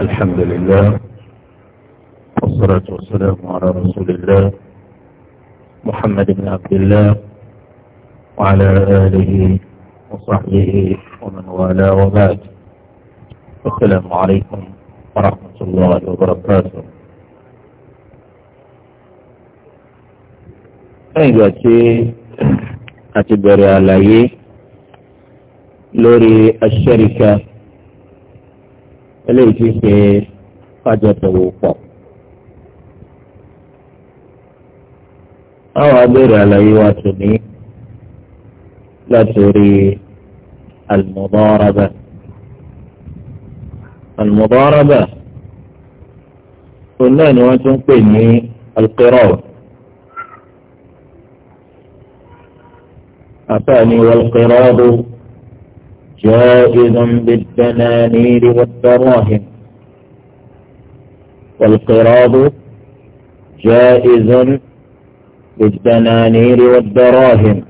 الحمد لله والصلاة والسلام على رسول الله محمد بن عبد الله وعلى آله وصحبه ومن والاه وبعد السلام عليكم ورحمة الله وبركاته أيها أتبري عليك لوري الشركة eléyìí ti ṣe kájọ tòwò pọ̀. àwọn abéèrè àlàyé wa tò ní látòrí àlùmọ̀báraba àlùmọ̀báraba òun náà ni wọ́n tún pè ní alukérò. àtàní wọ́n kérò ọdún. جائز بالدنانير والدراهم والقراض جائز بالدنانير والدراهم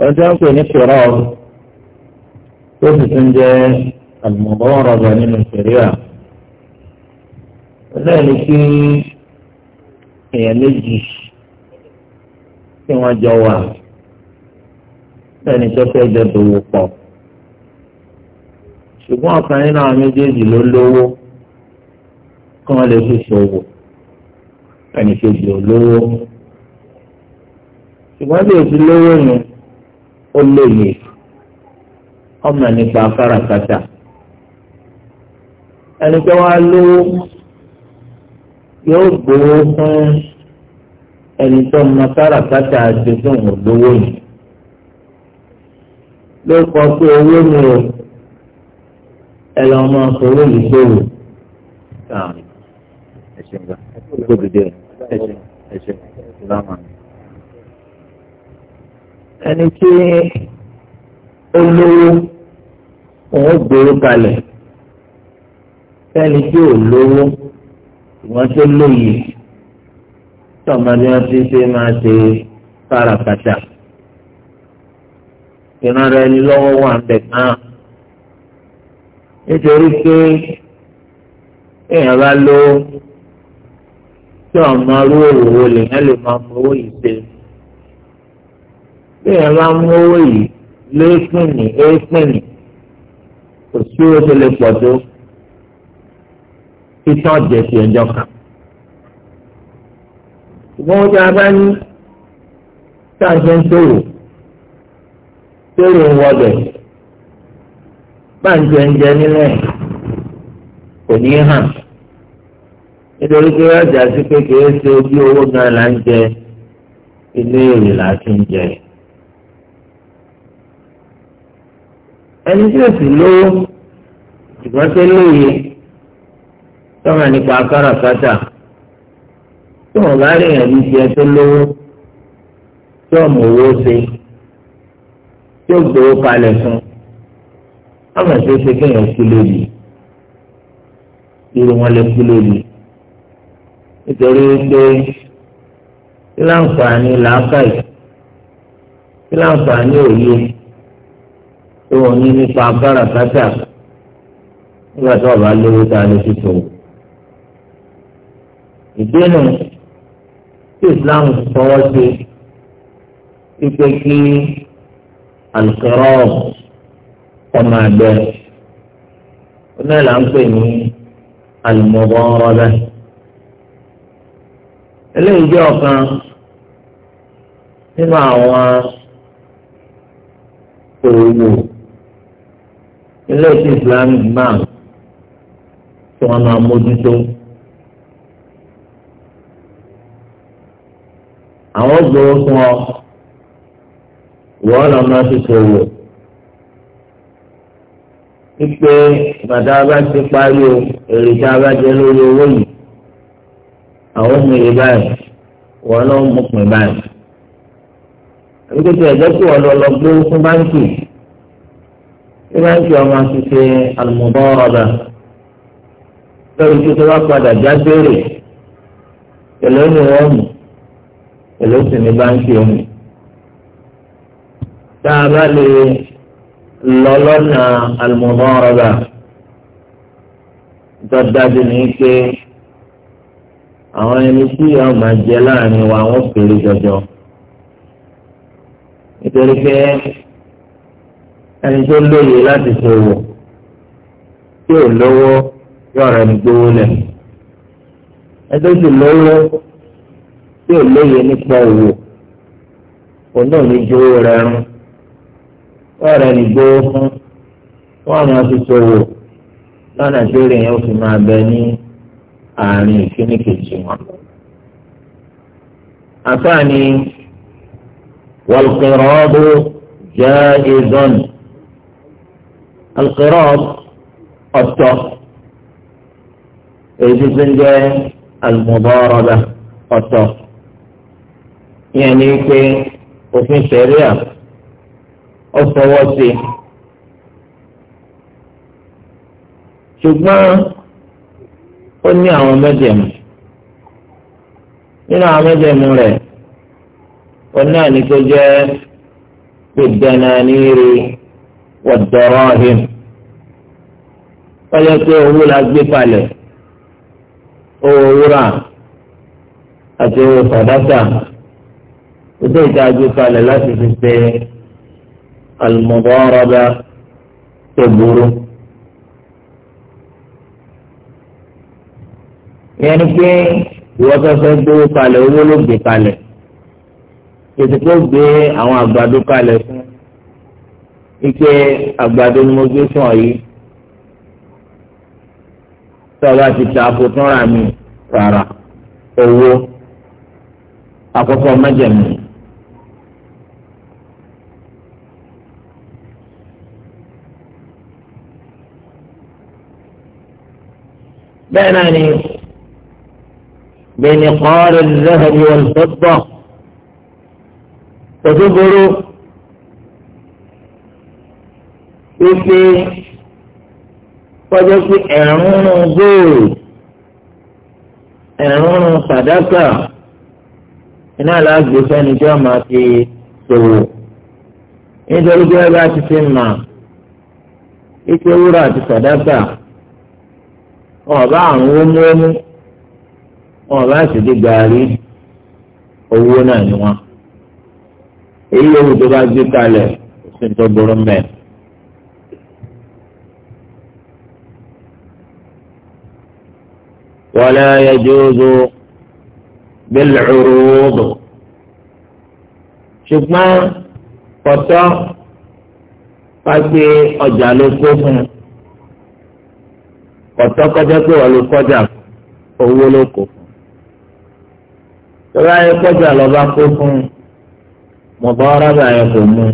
وجاءت القراض تفسد المضاربة من الشريعة وذلك هي نجش كما جواب ẹni tó fẹ́ jọ dòwò pọ̀ ṣùgbọ́n ọ̀kan nínú àwọn méjèèjì ló lówó kí wọ́n lè fi ṣòwò ẹni kejì ò lówó ṣùgbọ́n bí èsì lówó yẹn ó lóye ọmọ nípa káràkátà ẹni tó wá lówó yóò gbowó fún ẹni tó mọ káràkátà àti tó ń lówó yẹn ló kọ pé owó mi ò ẹ lọ máa fowó yìí ṣòwò. ẹ ṣe ń gbà gbòdìdì ẹ ṣe ẹ ṣe ìlànà. ẹni tí ó lówó òun gbòòrò kalẹ̀ fẹ́ni tí ò lówó ìwọ́n tó lóye tọ́mọdé wọn ti ṣe máa ṣe káràkátà ìrànra ẹni lọ́wọ́ wà ń bẹ̀ gan. nítorí pé èèyàn bá ló tí ọmọ arú òwò lèèyàn lè máa mú owó yìí ṣe. èèyàn bá mú owó yìí lépìnì épìnì kò sí owó tó lè pọ̀ tó títàn jẹ̀ sí ọjọ́ kan. ṣùgbọ́n ó jẹ́ abáyé tá a ṣe ń sòrò tẹ́rù ń wọlẹ̀ báńjẹ ń jẹ nínú ẹ̀ kò ní hàn nítorí pé ọjà sí pé kìí ṣe ojú owó gan la ń jẹ inú èrè la ti ń jẹ. ẹni tí ó sì lówó ṣùgbọ́n tó lóye tọ́mọ nípa káràkátà tí wọ́n bá rí ẹ̀rí tiẹ̀ tó lówó tí ọmọ owó ṣe tí ó gbowó kalẹ̀ fún ọmọ ṣe é ṣe kéèyàn kú lórí irú wọn lè kú lórí nítorí pé kí láǹfààní làákàyè kí láǹfààní òye tó wọn ní nípa agbára kátà nígbà tí ọba lówó tá a lè fi tòun. ìdénà tí Islam fọwọ́ sí pípé kí alukọrọ ọmọ abẹ ọmọ ẹ là ń pè ní alùmọ̀bọ̀ọ́rọ́dá eléyìí jẹ́ ọ̀kan nínú àwọn òwò ilé tí islamic bank tí wọ́n máa mójútó àwọn gbowó fún ọ wọ́n lọ máa fi ṣòwò ipe bàtà bá ti parí o èrè tá a bá jẹ lórí owó yìí àwọn ọmọ yìí báyìí wọ́n lọ mú pin báyìí àbíkẹ́tì ẹ̀jẹ̀ kí wọ́n lọ lọ gbé fún báńkì bí báńkì ọmọ ti ṣe àlùmọ̀bọ́rọ̀dà lórí tí tó bá padà já béèrè pẹ̀lú ẹni wọ́n mú pẹ̀lú sì ní báńkì ọ̀hún tá a bá lè lọ lọ́nà àlùmọ́ọ́rọ́gà tó dájú ní pé àwọn ẹni tí yóò máa jẹ láàrin wa wọ́n péré jọjọ nítorí pé ẹni tó lóye láti ṣòwò tí ò lówó yóò rẹ̀ ń gbówó lẹ̀ ẹni tó sì lówó tí ò lóye nípa òwò òun náà ní ju owó rún. ọ̀rẹ́ ní gbówó fún wọn ni wọn fi ṣòwò lọ́nà tí ó rè yẹn ó fi máa bẹ ní àárín ìkíní kejì wọn. àfààní والقراض جائز القراض ọ̀tọ̀ èyí tó ń jẹ́ المضاربة ọ̀tọ̀ ìyẹn ni pé be ni aarin ikini keji won afaani je جايز القراض oto eyi to n je المضاربه oto yen ni pe ofin seria ọ̀fọwọ́ sí i. ṣùgbọ́n ó ní àwọn mẹ́jẹ̀mú nínú àwọn mẹ́jẹ̀mú rẹ̀ ó ní àníkó jẹ́ gbẹ̀dẹ̀nà níire wọ̀dọ̀rọ̀ him wọ́n yẹ pé owó la gbé palẹ̀ owó wúrà àti owó fàdákà ó dé ìta gbé palẹ̀ láti fi ṣe àlùmọ̀bọ́rọ́dá tó burú. ìyẹn ni pé ìwọ fẹ́fẹ́ gbówó kalẹ̀ owó ló gbé kalẹ̀ ètùkọ́ gbé àwọn àgbàdo kalẹ̀ fún ike àgbàdo ni mo gbé fún ọ yìí tọ́ba ti ta àpò tán ra mi rárá owó àkọ́kọ́ mẹ́jẹ̀mí. bẹ́ẹ̀ náà ni bẹ́ẹ̀ni kọ́ọ̀rọ̀ lẹ́hìn wọn tó gbọ́ tòtò burú wípé kọjá pé ẹ̀rún góòlù ẹ̀rún sàdákà iná làágbé sẹ́ni tí wọ́n máa fi ṣòwò nítorí pé ẹgbẹ́ àti ti mà wípé wúrà àti sàdákà ọba àrùn wómúwómú ọba àṣìdí gàárì owó náà ni wọn èyí yòówù tó bá gbé kalẹ̀ sí tó burú mẹ́ẹ̀. ولا يجوز بالعروض ṣùgbọ́n pọ̀tọ́ pàṣẹ ọjà ló kó kọtọ kọjá pé wọn ló kọjá owó ló kó fún tọ́lá yẹ kọjá lọ́ba kó fún mọ̀bárábà yẹ kò mú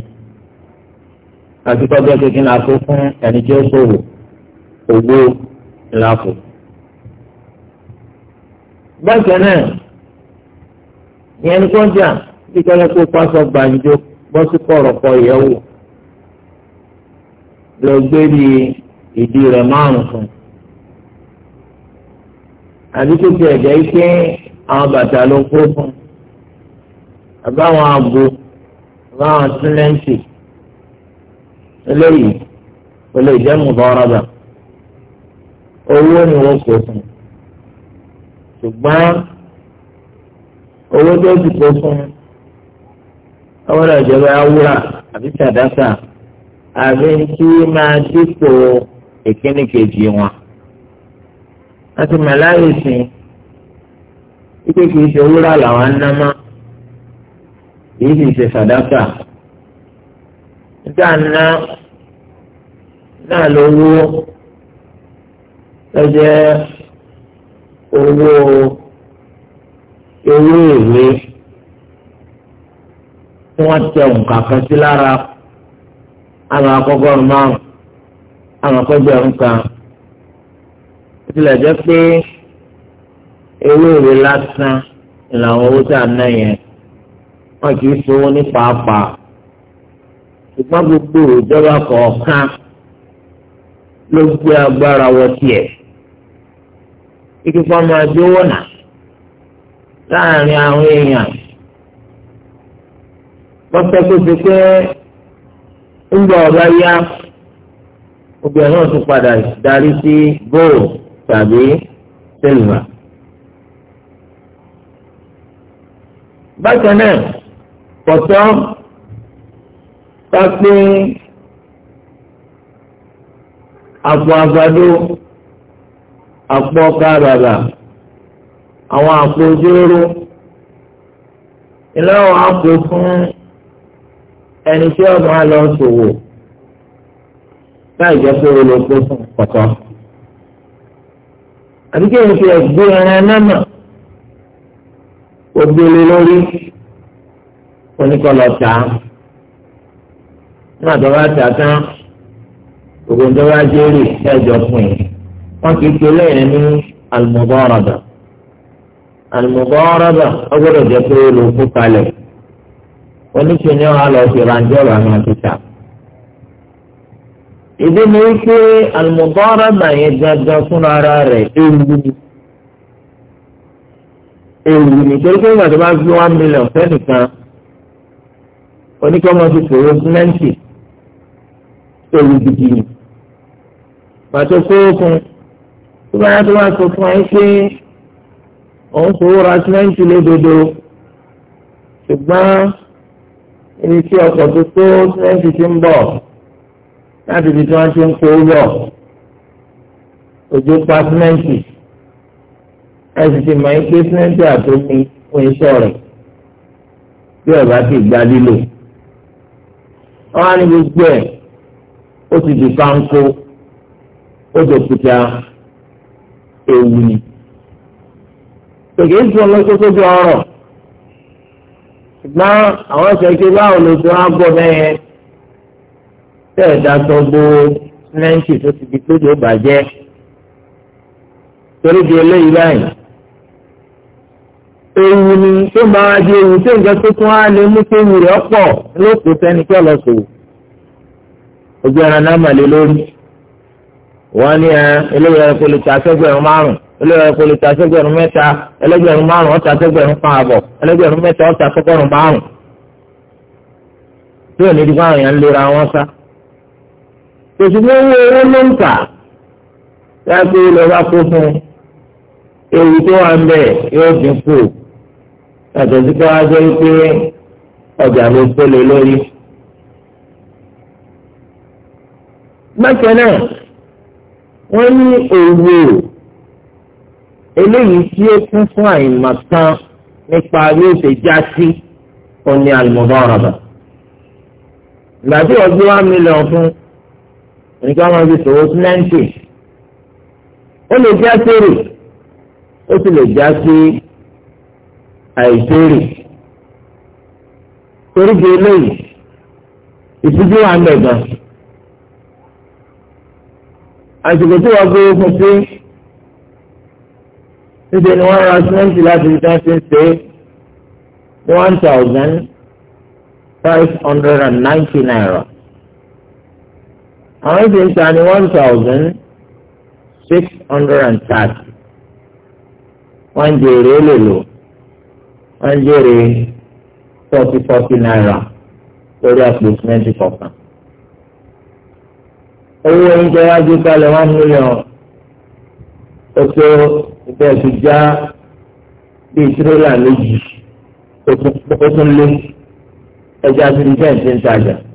àti kọjá kékeré la kó fún ẹni tí ó sòwò owó la kó. bákan náà ìyẹn kọjá bí kọjá kó pásọ gbàǹjo bọ́sí kọ̀rọ̀kọ̀ ìyẹ́wò lọ gbé di ìdí rẹ̀ márùn-ún fún un àbí tó ti ẹ̀jẹ̀ yìí pé àwọn bàtà ló ń kó fún àbáwọn àgbo àbáwọn sílẹ̀ǹtì eléyìí kò lè jẹ́ mùbáràbà owó ni wọ́n kó fún ṣùgbọ́n owó tó ti kó fún ọwọ́n ìjọba awúrà àbí sàdákà àbí tí máa dípò ìkíni kejì wọn láti màláyé sí ike kìí ṣe wúrà làwọn anámá kìí sì ṣe fàdákà níta ná náà lówó lọ́jẹ́ owó ewé ìwé tí wọ́n tẹ òǹkà kan sí lára àwọn akọ́gọ́rùn márùn-ún àwọn akọ́gbẹ̀rún kan tilẹ̀ jẹ́ pé ewéèrè lásán làwọn owó tá a ná yẹn wọn kì í sowó ní pàápàá ṣùgbọ́n gbogbo ìjọba kọ̀ọ̀kan ló gbé agbára wọ tiẹ̀ kíkọ́ máa dówó nà láàrin àwọn èèyàn lọ́pẹ́ tó ti pé ń gbọ́ ọba yá obìnrin náà tún padà darí sí góòlù tàbí sílvà. bákan náà pọ̀tọ́ pápẹ́ àpò àgbàdo àpò ọkà bàbà àwọn àpò ojúrú ilé àwọn àpò fún ẹni tí ọmọ àlọ́ ṣòwò láì jẹ́ pé olùkó fún pọ̀tọ́ àbí kí èyí fi ẹ̀gbẹ́ ẹran nánà ògbélé lórí oníkọlọ tà á náà tó bá tà tán ògùn tó bá jẹ́rì ẹ̀jọ̀ pin wọ́n ti pe lẹ́yìn ní almudaraba almudaraba ọgbọ́dọ̀ jẹ́ pé olùkú kalẹ̀ oníṣẹ́ ni wọ́n á lọ sí ránjọ́ rà máa tà á ìdí ni wípé àlùmọ̀tọ́rọ̀mà yẹn gangan fún ara rẹ̀ ewu ni ewu ni torí pé ìgbà tó bá fi one million fẹ́nìkan oníkọ́mọ ti kòrò sílẹ́ǹtì ewu gidi ni pàtó kówó tó bá tó bá sọ fún ẹ pé òun fowó ra sílẹ́ǹtì lódodo ṣùgbọ́n ibi tí ọkọ̀ tó tó sílẹ́ǹtì ti ń bọ̀ láti ibi tí wọ́n ti ń kó lọ òjò pa símẹ́ǹtì ẹ̀sìn ti mọ̀ ike símẹ́ǹtì àtòkù fún iṣẹ́ rẹ̀ bí ọ̀gá ti gba lílò. wọ́n á ní gbogbo ẹ̀ ó ti di páńkó ó ti òkúta ewu ni. tòkè sọ lọ́sọ́sọ́ bí ọrọ̀ ṣùgbọ́n àwọn ṣe ké báwo ló ti wá gbọ́ bẹ́yẹn. tẹ́ ẹ̀ o gbowó tó ti di péjọ bàjẹ́ torí di eléyìí báyìí ewu ni tó máa di ewu tó nǹkan tó tún á lè mú kéwu rẹ̀ ọ̀pọ̀ lóko sẹ́ni kí ọlọ́sọ̀wò ojú ẹran náà mà lé lórí wọ́n ní ẹ sẹ́gbẹ̀rún márùn-ún sẹ́gbẹ̀rún mẹ́ta ẹlẹ́gbẹ̀rún márùn ọ̀tà sẹ́gbẹ̀rún ẹlẹ́gbẹ̀rún mẹ́ta ọ̀tà tòṣùgbọ́n owó owó ló ń tà láti ilẹ̀ bá kó fún ewu tó wà ń bẹ̀ yóò dín kù yàtọ̀ sí pé wá jẹ́ pé ọjà ló pélé lórí. bákan wọ́n ní òwò eléyìí tí ó kún fún àìmọ̀kan nípa bí ṣe já sí òní àlùmọ̀bá ọ̀rọ̀ bá. ìgbà tí ọdún wa mílíọ̀nù fún nǹkan máa fi sòwò sílẹ̀ǹtì ó lè já sórí ó sì lè já sí àìsórí torí di eléyìí ìtújú wa ń bẹ̀ gan. àsìkò tí wọ́n gbé fún sí níbi ni wọ́n ra sílẹ̀ǹtì láti fi dáńtì ń ṣe one thousand five hundred and ninety naira àwọn ìdè ń ta one thousand six hundred and thirty wọ́n ń jèrè ó lè lò wọ́n jèrè forty forty naira lórí àpò sìmẹ́ntì kọ̀ọ̀kan. owó oúnjẹ wá gbé kalẹ̀ one million ó tó ìbẹ̀sù já bíi tírélà méjì ó tún lé ẹja tó ń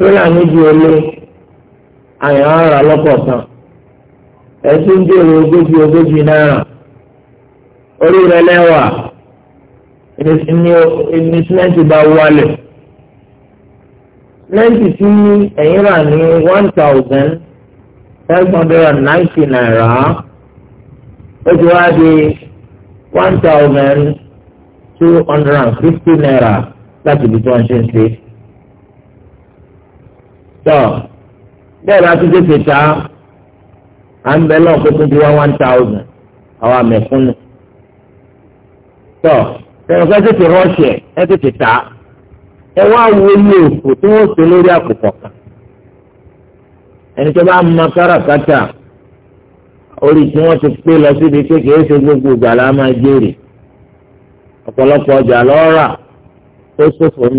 lórí àníbi olè àyàn ara lọ́kọ̀ọ̀kan ẹ̀sùn jèrè ogójì ogójì náírà orí rẹ lẹ́wà ní sìmẹ́ǹtì bá wálẹ̀ sìmẹ́ǹtì tí ẹ̀yìn rà ní one thousand five hundred and ninety naira ó ti wá di one thousand two hundred and fifty naira láti ibi tí wọ́n ṣe ń ṣe. tọ bẹ́ẹ̀ bá tún tètè ta à ń bẹ lọ́ọ̀ one thousand àwọn bá ta ẹ wá wo ilé tí wọ́n ti pé lọ síbi kékeré ṣe gbogbo ìgbà máa jèrè ọ̀pọ̀lọpọ̀ ọjà lọ́ọ́ tó ṣòfò ń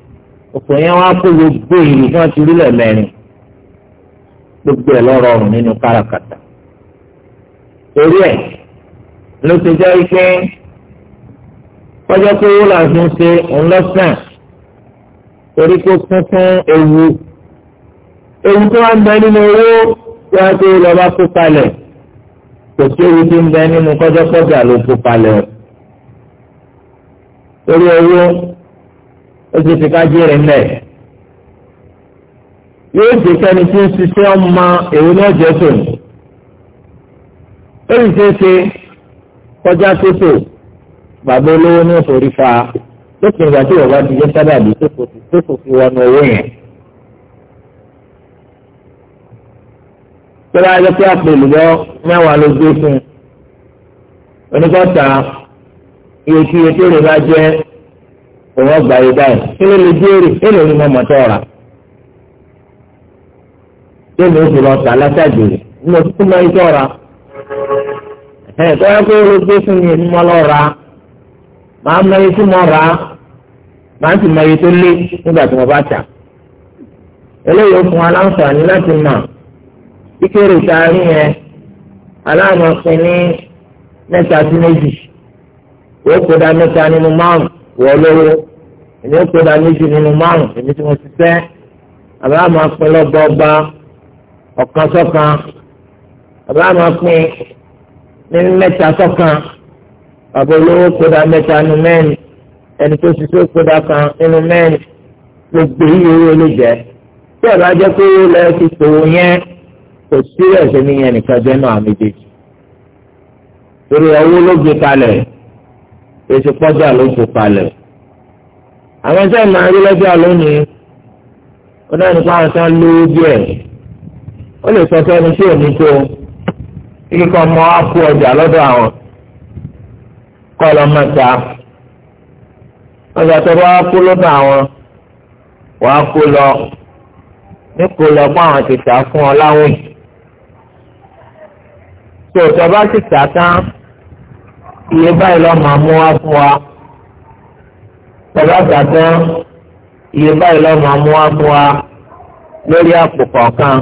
ọ̀pọ̀ yẹn wọ́n á kó gbogbo èrè tí wọ́n ti rí lẹ́ẹ̀mẹ́rin gbogbo ẹ̀ lọ́rọ̀ọ̀rùn nínú káràkátà torí ẹ̀ ló ti jẹ́ pé kọjá pé owó là ń fi ṣe òun lọ́sàn torí kó kún fún ewu ewu tó wà ń bẹ nínú owó tí wọ́n ti lọ bá kó kalẹ̀ kò sí ewu tí ń bẹ nínú kọjá pọ̀jà ló kó kalẹ̀ torí owó ó ti fi ká jèrè ńlẹ̀ yóò jẹ́ kẹ́ni tí ń ṣiṣẹ́ ọmọ èwo náà jẹ́ tòun ó sì ṣe é ṣe kọjá sótò bàbá olówó ní òfòrí fa lópin ìgbà tí ìwọ̀n bá ti jẹ́ sábàbí sókò fi wọnú owó yẹn. tọ́lá yẹ kí àpèlúbọ́ mẹ́wàá ló gbé fún un oníkọ́ta iye tí iye tó lè bá jẹ́ òun ọgbà yìí báyìí kí ló lè béèrè tó kí ló fi lọ tó yẹ kó o gbé fún mi ní lọ màá mọ iye mo mọ iye tó lé nígbà tí mo bá tà eléyìí ó fún wa láǹfààní láti mọ̀ kíkéré tá a rí yẹn aláàmọ̀ pin ní mẹ́ta sí méjì ó kó dá nínú wọ́n lówó èmi ó kódà méjì nínú márùn èmi tí mo ti fẹ́ àbá máa pín lọ́gbọ́gba ọ̀kan sọ́kan àbá máa pín ní mẹ́ta sọ́kan àbò olówó kódà mẹ́ta nínú mẹ́rin ẹni tó ṣiṣẹ́ kódà kan nínú mẹ́rin gbogbo iye owó ló jẹ́ tí ẹ̀ bá pé owó lẹ́yìn ti sòwò yẹn kò sí ẹ̀sẹ̀ níyẹn nìkan jẹ́ náà méjèèjì. torí ọwọ́ ló gbé kalẹ̀ èsì pọ́jà ló kó palẹ̀. àwọn tí a máa rí lọ́jọ́ lónìí ó náà nípa àwọn tán lówó díẹ̀ ó lè sọ sẹ́ni tí ò ní tó kíkọ́ mọ́ á kó ọjà lọ́dọ̀ àwọn kọ́ lọ́ máa ta ọjà tó bá kó lọ́dọ̀ àwọn wàá kó lọ ní kó lọ fún àwọn ti tà fún ọ láwìn tó tọ́ bá ti tà tán iye báyìí lọ́ọ́ máa mú wá fún wa bàbá àgbàdo iye báyìí lọ́ọ́ máa mú wá fún wa lórí àpò kọ̀ọ̀kan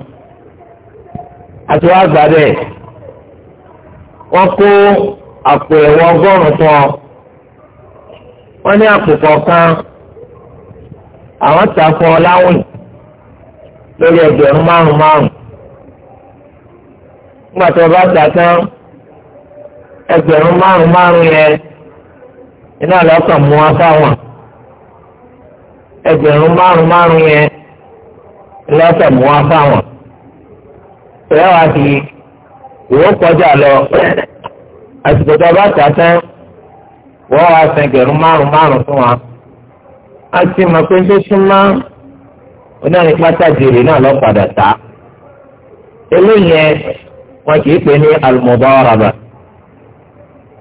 àti wá gbà bẹ́ẹ̀ wọ́n kó àpò ẹ̀wọ̀ ọgọ́rùn-ún fún ọ wọ́n ní àpò kọ̀ọ̀kan àwọn ta fún ọ láwìn lórí ẹgbẹ̀rún márùn-márùn nígbà tí wọ́n bá gbà tán ẹgbẹ̀rún márùn márùn yẹn iná lọ́kàn mú wá fáwọn ẹgbẹ̀rún márùn márùn yẹn lọ́kàn mú wá fáwọn ìyá wa ti ìwọ kọjá lọ àsìkò tó a bá tà tán wọ́n wá san ẹgbẹ̀rún márùn márùn fún wa a ti mọ̀ pé tó súnmọ́ onáni pátájìrì náà lọ́ padà tà eléyìí wọn kì í pè ní alùmọ̀bá ọ̀rọ̀ bàtà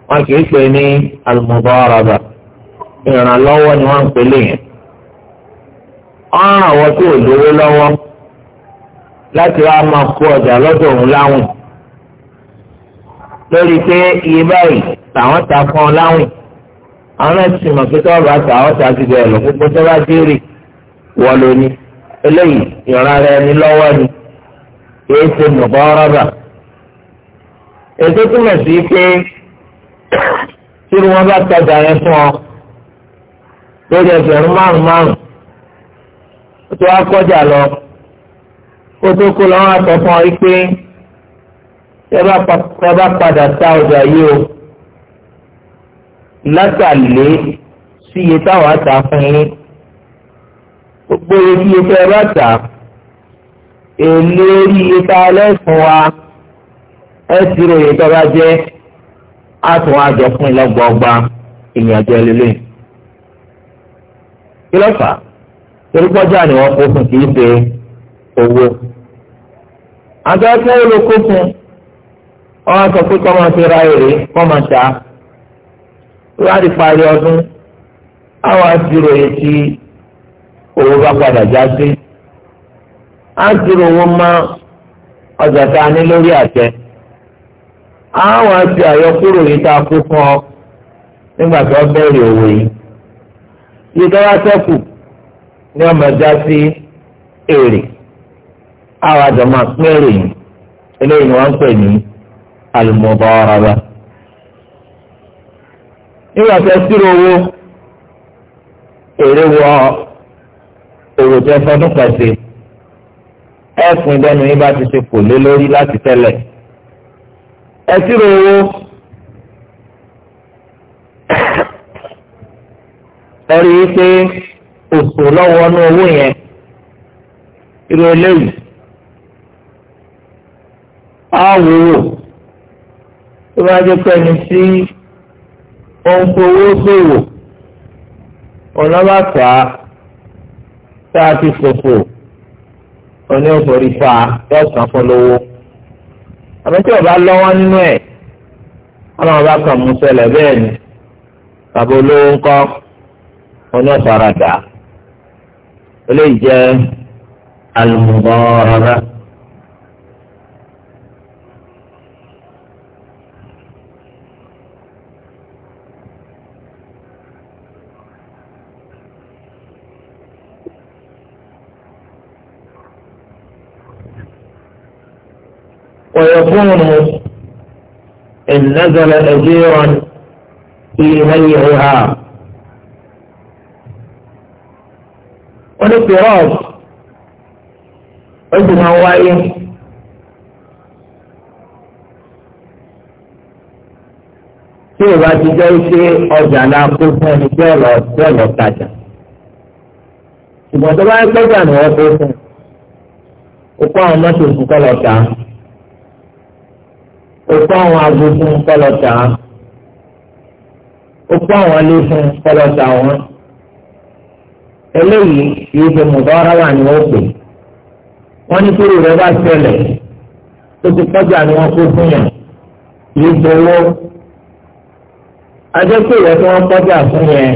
wọn kì í pè ní al-mudaraba ìrànlọ́wọ́ ni wọ́n ń pè léyìn. ọ̀ràn àwọn tó lówó lọ́wọ́ láti wá máa kó ọjà lọ́dọ̀ òun láwìn lórí pé iye báyìí làwọn ta fún ọ láwìn àwọn náà sì mọ̀ pé tọ́wọ́ bá àwọn ta ti bẹ̀rẹ̀ lọ pípẹ́ tó bá dérè wọ́n eléyìí ìran rẹ ní lọ́wọ́ ni kì í ṣe mọ̀bọ́ rọ́bà. èso sí pé tí wọ́n bá tajà yẹn fún ọ lórí ẹgbẹ̀rún márùn márùn ó ti wá kọjá lọ ó tó kó lọ́wọ́ àtọ̀ fún ọ pé ẹ bá padà ta ọjà yìí o látàlé sí iye táwọn àtà fún yín gbogbo iye tí ẹ bá tà èlé iye tá a lẹ́sùn wa ẹ sì ròyìn tó bá jẹ́. a tún wá jọ fún ìlọ́gbọ̀ọ́gba ìrìnàjò ẹlẹ́lẹ́ kí ló fà á torí ni wọ́n kó fún kì í ṣe owó àgbẹ̀kẹ́ olóko fún wọ́n sọ pé kọ́ máa ti ra èrè kọ́ máa ta láti parí ọdún àwọn àti àyọkúrò yìí tá a kó fún ọ nígbà tó bẹ̀rẹ̀ òwò yìí yìí tó wá sẹ́kù ní ọmọ ẹja sí èrè àwọn àjọ máa pín èrè yìí eléyìí ni wọ́n ń pè ní al-mudaraba nígbà tó sírò owó èrè wọ òwò tó fọdún kan ṣe ẹ fún ìdánù yín bá ti ṣe kò lé lórí láti tẹ́lẹ̀ ẹtìrò owó ẹrí pé òfò lọ́wọ́ ní owó yẹn irú eléyìí á wúwo tó bá jẹ́ pé ẹni tí ó ń fowó ṣòwò ọlọ́bàtà tá a ti fòfò oní òfòrí fa yóò san fún lówó àmọ́ tí ọba lọ́wọ́ nínú ẹ̀ ọlọ́run bá kàn mú ṣẹlẹ̀ bẹ́ẹ̀ ni bàbá olówó ńkọ́ oní ọ̀sán ara dà eléyìí jẹ́ alùmọ̀ọ́rọ́rọ́. ويكون إن نزل أجيرا في منعها والاضطراب عندما هو tí o bá ti jẹ́ ṣe ọjà la kó fún ẹni tí ọ̀lọ́ tí ọ̀lọ́ tajà ṣùgbọ́n tó bá ń gbọ́jà ni wọ́n kó fún o kó àwọn mọ́tò fún kọ́lọ̀ òkú àwọn aago fún kọlọta òkú àwọn ilé fún kọlọta wọn eléyìí yìí ṣe mùtọ́ra wà ní wọ́n pè wọ́n ní kúrò rẹ̀ bá ṣẹlẹ̀ tó ti kọjá ni wọ́n kó fún yàn yìí gbowó ajẹ́kùrẹ́ tí wọ́n kọjá fún yẹn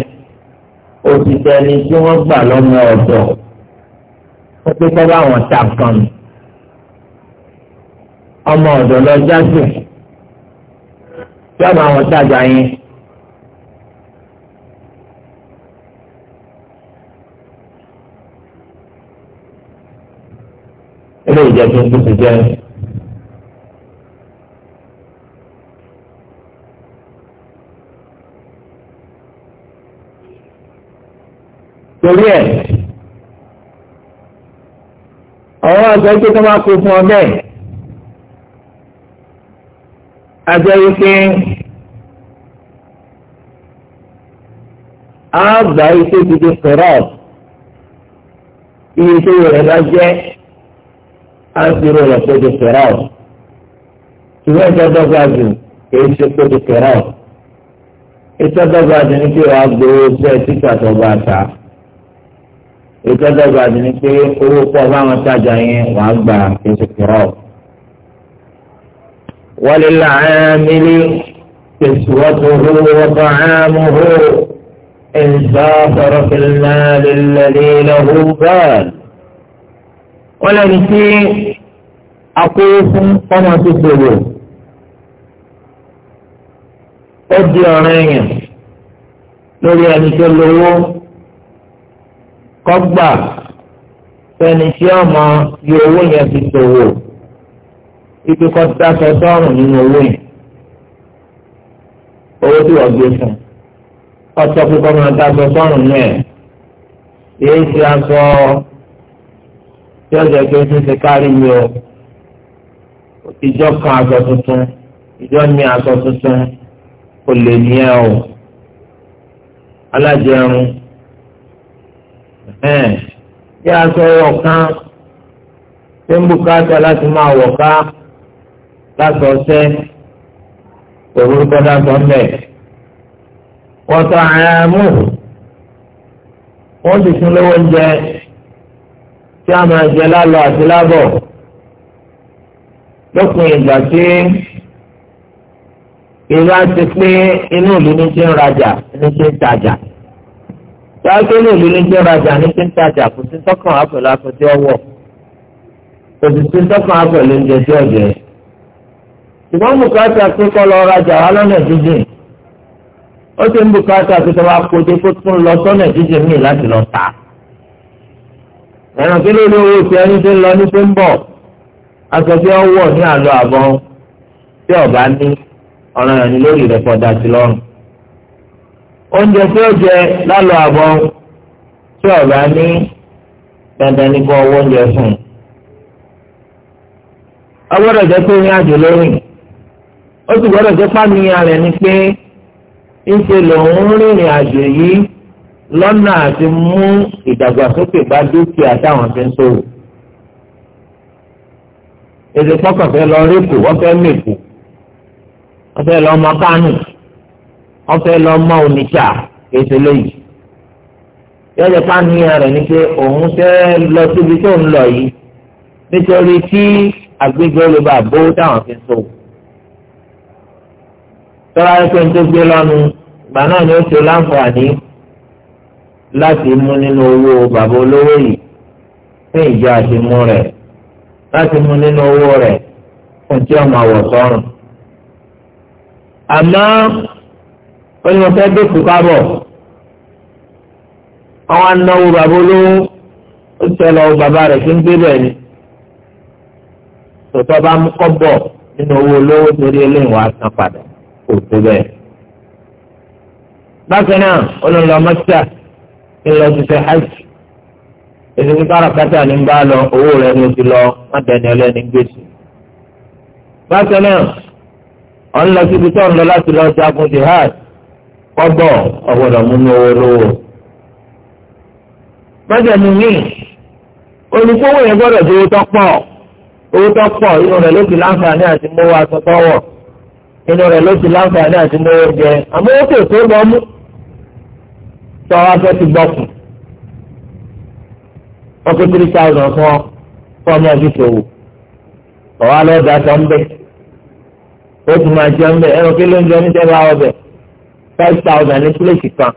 òtítẹ́ni tí wọ́n gbà lọ́mọ ọ̀dọ̀ wọ́n pé kọ́ bá wọn ta kan mi ọmọ ọ̀dọ̀ lọ jásìn tí ọmọ àwọn tajà yẹn. ilé ìjẹsí ń ti jẹ. torí ẹ̀ ọ̀rọ̀ ọ̀sẹ̀ tó máa kó fún ọ bẹ́ẹ̀ ajẹ́ wípé àgbà iṣẹ́ gidi sọ̀rọ̀ iye tó rẹ̀ bá jẹ́ àṣírò rẹ̀ kó di sọ̀rọ̀ ṣùgbọ́n ìtọ́dọ́gba jù kìí ṣe kó di sọ̀rọ̀ ìtọ́dọ́gba jù ní kí wàá gbowó sẹ́ títà tó bá ta ìtọ́dọ́gba jù ní pé owó báwọn tajà yẹn wàá gbà kìí ṣe sọ̀rọ̀. وللعامل كسوته وطعامه إن سافر في المال الذي له بال ولن في أقوف وما تسلبه أدي عليه لولي أن يسلبه قبع فإن شاء ما في السلوك ike kọ́ dáṣọ sọ́rùn nínú owó yẹn owó tí wọ́n gbé fún ọ̀sọ́ pé kọ́ máa dáṣọ sọ́rùn náà èyí ti aṣọ tí ọ̀sẹ̀ pé ń ṣe kárí mi o ìjọ kan aṣọ tuntun ìjọ mi aṣọ tuntun kò lè ní ẹ o alájẹrun bí aṣọ ọ̀kan tí ń bùkátà láti máa wọ̀ ká lásọ ọsẹ òwúrúkọ dásọ ńbẹ wọtọ àyàmú wọn sì tún lówó oúnjẹ tí a máa jẹ lálọ àti lábọ̀ lópin ìgbà tí ìlú àti pé inú ìlú ní ti ń rajà ní ti ń tajà táwọn inú ìlú ní ti ń rajà ní ti ń tajà kò sí sọ́kàn àpẹ̀lú aṣọ tí kò sì sí sọ́kàn àpẹ̀lú oúnjẹ tí ó jẹ. ṣùgbọ́n bùkátà pé kọ́ lọ rajà wá lọ́nà jíjìn ó ṣe ń bùkátà pé kọ́ kó lọ sọ́nà jíjìn míì láti lọ tà. ẹ̀ràn kí ló owó ti ẹni tó ń lọ ní pé ń bọ̀ aṣọ tí wọ́n wọ̀ ní àlọ́ àbọ̀ tí ọ̀bá ní ọ̀ràn lórí rẹ̀ pọ̀ dàtí ó sì gbọ́dọ̀ tó pàmìyàn rẹ̀ ni pé ńṣe lòun rìnrìn àjò yìí lọ́nà àti mú ìdàgbàsókè bá dúkìá táwọn fi ń ṣòwò. èdè pọ́kàn fẹ́ lọ rí kù wọ́n fẹ́ mèkù wọ́n fẹ́ lọ mọ kánù wọ́n fẹ́ lọ mọ oníṣà ètò lẹ́yìn. yọjọ pàmìyàn rẹ̀ ni pé òun fẹ́ lọ síbi tó ń lọ yìí nítorí tí àgbégbé olùbàbó táwọn fi ń ṣòwò tọ́lá rẹ pé ń tó gbé lọ́nu ìgbà náà ni ó ṣe láǹfààní láti mú nínú owó bàbá olówó yìí fún ìjọ àṣemú rẹ̀ láti mú nínú owó rẹ̀ fún tí ọmọ àwọ̀ sọ́run. àmọ́ ó ní mo fẹ́ dẹ́kù kábọ̀ àwọn anáwó bàbá olówó ó tẹ̀lé ọ bàbá rẹ̀ fi gbé bẹ́ẹ̀ ni tòtọ́ bá mú kọ́ bọ̀ nínú owó olówó torí eléyìí wàá san padà. kò tó bẹ́ẹ̀. bákan náà olùlọ mọ́tà ń lọ sí hajj ní bá lọ owó rẹ̀ ló ti lọ má dẹni ọlẹ́ni gbèsè. bákan náà ọ̀n lọ síbi tó ń lọ láti lọ jagun jihad kọ́bọ̀ ọ̀gbọ́dọ̀ múnú owó lówó. olùkówó yẹn gbọ́dọ̀ owó tó pọ̀ owó tó pọ̀ rẹ̀ láǹfààní àti inú rẹ̀ ló ti láǹfààní àti náwó jẹ àmọ́ ó kò tó lọ mú tó wá fẹ́ ti gbọ́kùn wọ́n kó three thousand fún ọ fún ọmọ ẹbí ṣòwò ọ̀wá lọ́dà tó ń bẹ̀ ó ti máa jẹun bẹ̀ ẹ̀rọ kí ló ń jẹ oníṣẹ́gbà ọbẹ̀ five thousand ní pílẹ̀sì kan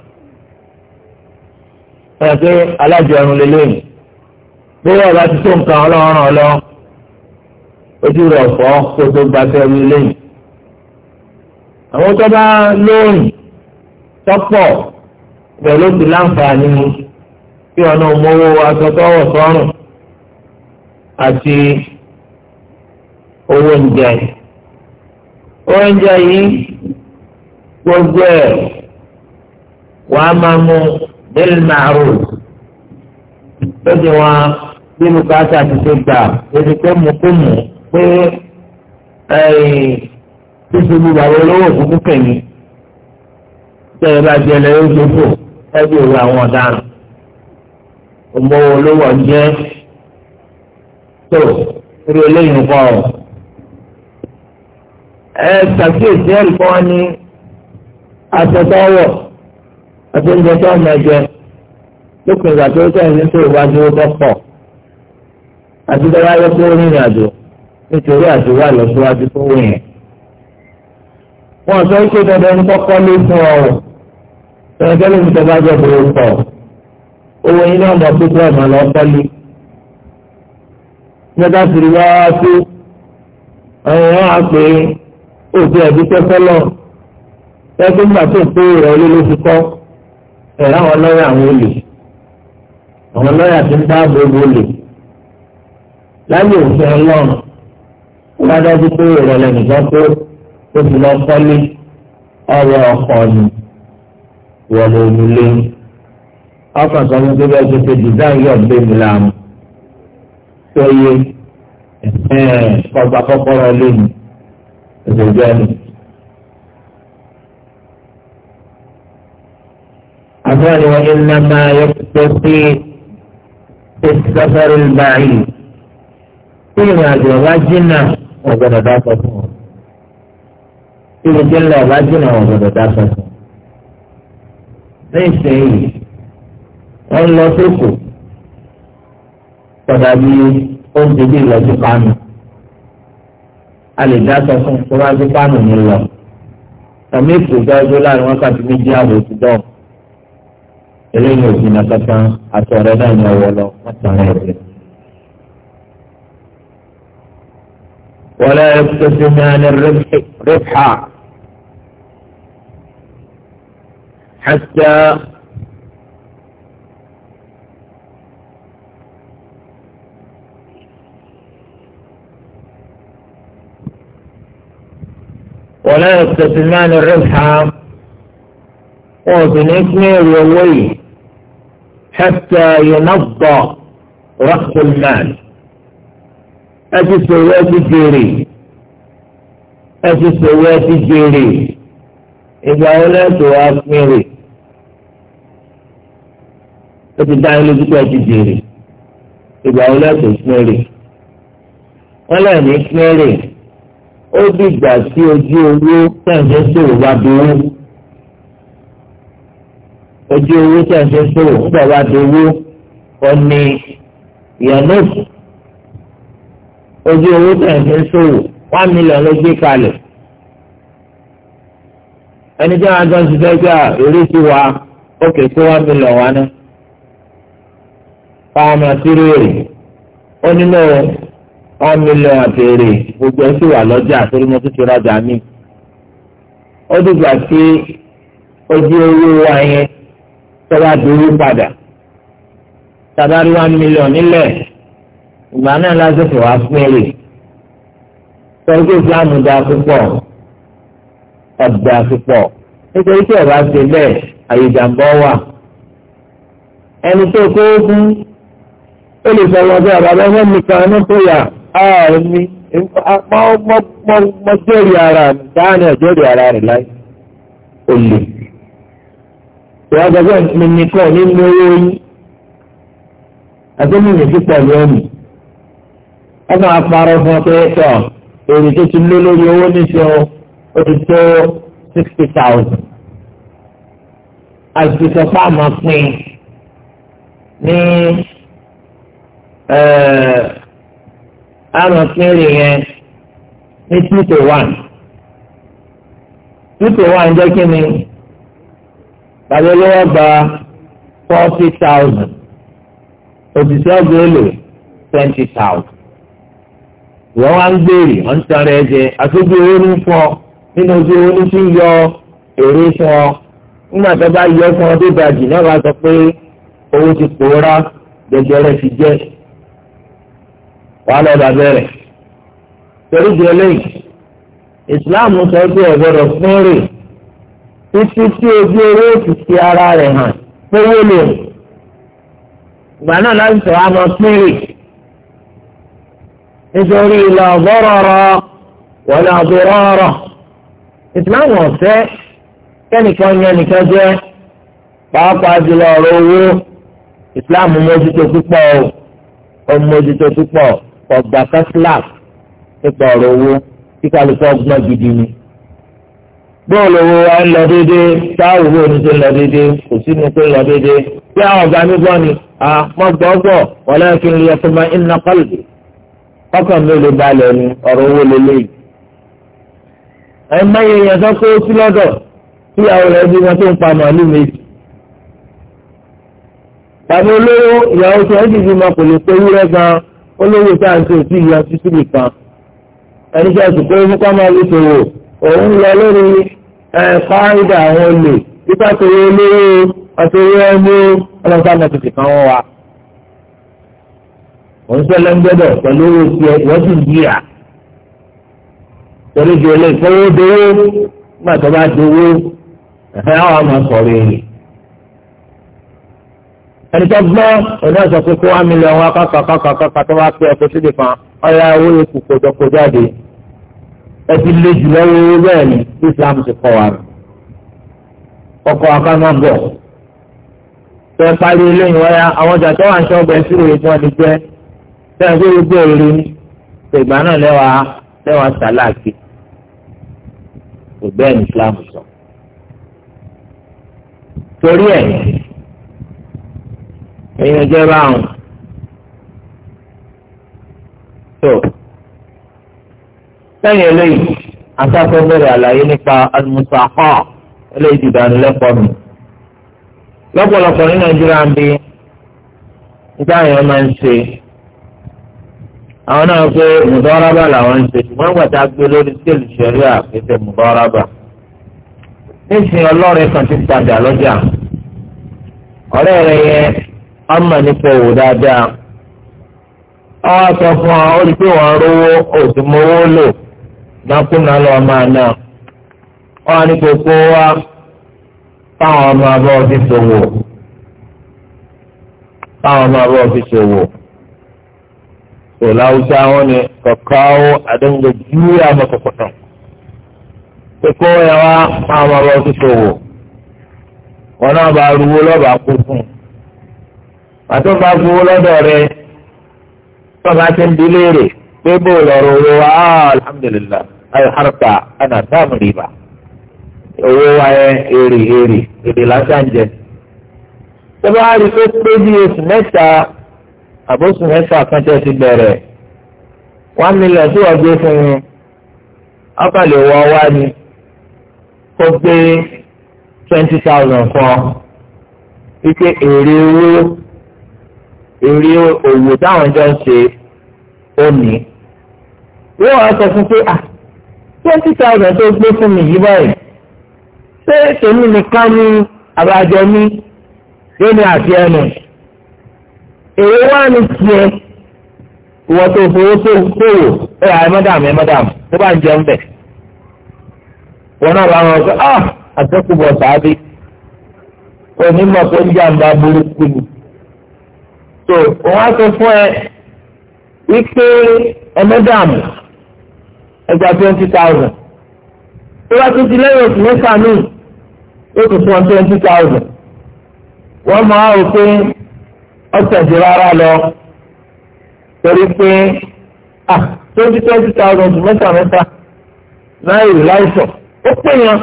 ẹ̀rọ pé alájọrun lè lóyìn bí wọ́n bá ti tó nǹkan ọlọ́run ọlọ́ ojú rẹ̀ ọ̀fọ́ kó tó gbàtẹ́rù lẹ́yìn àwọn tó bá lóòrùn tọ́pọ̀ pẹ̀lú ti láǹfààní bí ọ̀nà òmòwò asọ́tọ́wọ̀ sọ́rùn àti owó oúnjẹ. oúnjẹ yìí gbogbo ẹ̀ wàá máa mú bẹ́ẹ̀ máa lóde wọn bí bùkátà ti ṣe gbà lóde pé mú kó mú pé ẹ̀yìn tó ṣe lu bàbá olówó òkúkú kẹ̀yìn tẹ̀yẹ bá jẹ lẹ́yìn oṣù fò ẹbí òwe àwọn ọ̀daràn ọmọ olówó ọ̀jẹ́ tó irú eléyìí kọ́ ọ. ẹ ṣàkíyèsí ẹ̀rí kọ́ wọn ní asọ̀tọ̀wọ̀ àti oúnjẹ tó ọmọ ẹ̀jẹ̀ lópin ìgbà tó sẹ́yìn ní tó ìwájú ó bọ́ pọ̀ àti dáwọ́ ayọ́ tó rìnrìn àjò nítorí àti wà lọ síwájú tó wù yẹn wọn sọ wípé dandan ní kọ́kọ́ lé fún ọ o tẹ̀lẹ́tẹ́ lómi tó bá jẹ́ òwò pọ̀ owó yín náà mọ̀ pé kílọ̀ máa lọ kọ́lé nígbà tí wọ́n wá sí àwọn èèyàn á pé òfin ẹ̀bí tẹ́kọ́ lọ tẹ́kọ́ nígbà tó ń pé rẹ̀ olé ló fi kọ́ ẹ̀ láwọn lọ́ọ̀yà àwọn olè àwọn lọ́ọ̀yà ti ń dáàbò bo olè láyé òfin ọlọ́run wọ́n á dájú pé ìrọ̀lẹ́ nìkan tó ó sì lọ kọ́lé ọ̀rọ̀ ọkọ ni wọlé onílé ọkàn sọ fún pé bẹ́ẹ̀ ṣe ṣe yọ̀ gbé mi láàmú tó yé kọgbà kọ́kọ́rọ́ lé mi ni. أفعل وإنما يقتصي في السفر البعيد فيما جرى جنة ibi tí ń lọ ọba jìnnà wọn gbọ́dọ̀ dá sọ fún un nísìnyí wọn lọ sóko kódà bí oúnjẹ bí ìlọsí kánú a lè dá sọ fún un tó bá sí kánú ní lọ tàbí ìpòjọ ọjọ́ láàrin wọn kàtí méjì ààbò ti dọ eléyìí òsì náà kankan àtọrẹ náà ní ọwọ́ lọ wọn tàn án ẹgbẹ́. ولا يقتسم عن الربح ربحا حتى ولا يستثمان الربح وبالإثم يرويه حتى ينضى رأس المال أجي سويت الجيري أجي سويت الجيري ìgbà wo lẹ́sọ̀ wá pín rè ó ti dá ilé púpọ̀ ti jèrè ìgbà wo lẹ́sọ̀ pín rè wọ́n lẹ̀ ní pín rè ó dìgbà tí ojú owó tẹ̀sán sòwò bá dowó ojú owó tẹ̀sán sòwò nígbà bá dowó ó ní ìyànnú ojú owó tẹ̀sán sòwò one million ló gbé kalẹ̀ ẹni tí wọn jọ ń ṣiṣẹ́ pé èrè sí wa ó kè sí wọn mílíọ̀n wa ná káwọn máa sí rèé ó nínú wọn mílíọ̀n àtẹ̀rẹ̀ gbogbo ẹ̀ sì wà lọ́jà torí mo tún ti rajà mí ó dìgbà tí ojú owó wa yẹn tọ́ba dúró padà tàbárí one million nílẹ̀ ìgbà náà lásìkò wá fún èrè tọ́jú ìsìlámù dáa púpọ̀ ọ̀dà àfipọ̀ nítorí tí ọba ṣe bẹ́ẹ̀ àyèjàmbọ́ wà. ẹni tó kó ogun ó lè sọ wọn bí ọba bẹ́ẹ̀ fẹ́ mi kan ní tó yà á mi mọ jẹ́rì ara mi dáhùn ẹ̀jẹ̀rì ara rẹ̀ láì olè. ìwà gbọ́dọ̀ mi nìkan nínú owó yín àti mi nìkan pẹ̀lú ẹ̀mí ọmọ àparọ́ fún ọ pé tọ̀ èrè tó ti lé lórí owó níṣẹ́ o ó ti tó sixty thousand àtúntò fáàmù pín ní àmọ̀ pínlẹ̀ yẹn ní two to one two to one jẹ́ kí ni tàbí olówó gba forty thousand òṣìṣẹ́ ọgbẹ́ èlò twenty thousand ìwọ́n wá ń gbèrè ọ̀n tẹ̀rẹ̀ ẹ̀jẹ̀ àtúntò owó ní fún nínú ojú owó ní sí yọ èrè fún ọ nígbà tó bá yọ fún ọ tó dajì náà bá sọ pé owó ti pòórá jẹjẹrẹ ti jẹ wàá lọ bàbá rẹ torí di eléyìí ìsìláàmù sọ pé ẹ fún rè títí tí ojú owó ti fi ara rẹ̀ hàn fowó lè ìgbà náà láti sọ àmọ́ fún rè nítorí la darara wala dirara ìsìláàmù ọ̀fẹ́ kẹ́nìkan yẹn nìkan jẹ́ pàápàá jùlọ ọ̀rọ̀ owó ìsìláàmù mójútó púpọ̀ ó mójútó púpọ̀ ọgbà kásílàf nípa ọ̀rọ̀ owó kíkà lóko ọgbọ́n gidi ni. bóòlù owó wa ń lọ déédéé táwọn owó oníṣẹ́ ń lọ déédéé kò sínú pé ń lọ déédéé bí àwọn ọ̀gá mi gbọ́ ni àmọ́gbọ́gbọ́ wọlé kí n lè yẹ fún mi ń nakọ́lù ọkàn mi ò lè balẹ̀ ni ọ̀rọ̀ owó lélẹ́yìí ẹ má yẹ yẹn sọ pé ó sí lọ́dọ̀ tí ìyàwó rẹ̀ bí wọn tó ń pa màálù méjì. tàbí olówó ìyàwó tí wọ́n dìbò máa kò lè pé wúrẹ́ gan-an olówó tá à ń tó sí ìyàn títí nìkan. ẹni tí a sì pé fúnpá máa lè sòwò òun lọ lórí fáìdà àwọn olè nípa tòwé olówó àtòwé ẹni ọlọ́sàn náà tètè kan wọ́n wa. òun sọ lẹ́ńgbẹ́dọ̀ pẹ̀lú owó tiẹ̀ ìwọ́n sì ń yíra torí ju ilé ìkówó dowó nígbà tó bá dowó ẹ̀fẹ́ àwọn àmọ́ sọ̀rọ̀ èrè. ẹni tó gbọ́ ọ̀dọ́ sọ pé kó wá mílíọ̀nù wá kákà kákà kákà tó bá pé ọkọ̀ síbi kan ọ̀yà owó ikú kojọ́kọ jáde ẹ ti lé jù owó bẹ́ẹ̀ ni Islam ti kọ́ wa rẹ̀ kọ́kọ́ akáná bọ̀ tẹ parí eléyìí wáyà àwọn ọjà tó wà ń ṣọ́ ọgbẹ́ sírò yìí tí wọ́n ti jẹ́ gbogbo èrè ìgbà náà lẹ́wàá lẹ́wàá sàlákì kò bẹ́ẹ̀ ní islam sọ. torí ẹ̀ èèyàn jẹ́ báwọn tó sẹ́yìn eléyìí asáfẹ́ bẹ̀rẹ̀ àlàyé nípa alimusaha eléyìí ti dánilẹ́kọ̀ọ́ mi lọ́pọ̀lọpọ̀ ní nàìjíríà ń bí nígbà yẹn máa ń ṣe. àwọn náà pé mùdọ́rábà làwọn ń ṣe ṣùgbọ́n gbàtà gbé lórí skéèlì ṣẹ̀ríà àpèsè mùdọ́rábà. níṣẹ́ ọlọ́rẹ̀ kan ti tajà lọ́jà ọ̀rẹ́ rẹ̀ yẹ ọmọ nípa òwò dáadáa sọ fún ọ ó rí pé rówó òsì mowó lò náà wa táwọn ọmọ abọ́ fi ṣòwò táwọn ọmọ abọ́ fi ṣòwò. to lausawa ne ka kawo a dinga juya maka kuɗin ta koyawa mamar wasu ṣòwò wọn náà bá ruwó lọ́ba kú fún pàtó bá buwó lọ́dọ̀ rẹ tó bá ti ń di léèrè pé bó lọ́rọ̀ wa alhamdulillah ayọ̀ harka ana dáàmú rìbá owó wa yẹn èrè èrè lásán jẹ tó bá rí pé pé bí oṣù mẹ́ta àbóṣù mẹ́fà kan tẹ́ ti bẹ̀rẹ̀ one million tí wọ́n gbé fún un ọkàlẹ̀ wọ wá ni kó gbé twenty thousand fún ọ wípé èrè owó èrè òwò táwọn jọ ń ṣe ó ní. wọ́n wá sọ fún pé ah twenty thousand tó gbé fún mi yìí báyìí ṣé tèmi nìkan ni àbájọ mi yóò àti ẹnu èyí wá ní tiẹ̀ ìwọ́n tó fowó sówò ẹ ẹ mọ́dàmù ẹ mọ́dàmù tó bá ń jẹun bẹ̀. wọn náà bá wọn sọ ah àtẹkùbọ̀ sáábì onímọ̀ tó ń jàǹbá burúkú ni. tó wọn á sọ fún ẹ wípé ẹ mọ́dàmù ẹgbàá twenty thousand tó bá tún ti lẹ́yìn oṣù mẹ́fà míì ó tún fún ọ twenty thousand wọ́n máa rò pé ọ̀sẹ̀ rárá lọ torí pé ah twenty twenty thousand mẹ́ta mẹ́ta náírà láìsọ̀ ó pè yàn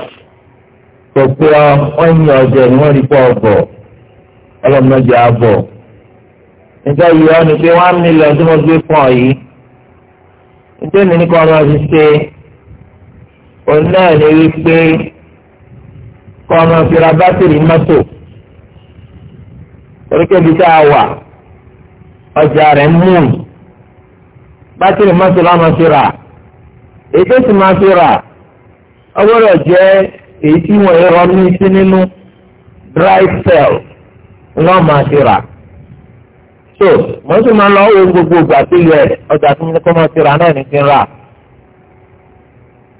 kò pé ọ wọ́n yin ọ̀jẹ̀ ni wọ́n rí pọ̀ ọ̀bọ̀ ọlọ́mọdé àbọ̀ nígbà yìí wọ́n ní pé one million tí wọ́n gbé fún ọ yìí nítorí mi ní kọ́ ọmọ fi ṣe òun náà ní wípé kọ́ ọmọ fi ra bátìrì mọ́tò oríkèbí tá a wà ọjà rẹ̀ ń mú yìí bátìrì mọ́tò lánàá fi rà èyí tó sì máa fi rà ọgbọ́dọ̀ jẹ́ èyí tí wọ́n yẹ rọ ní sí nínú dry cell náà máa fi rà so mọ́tò máa lọ wo gbogbo ìgbà tó yẹ ọjà tó ní kó máa fi rà náà ní fi rà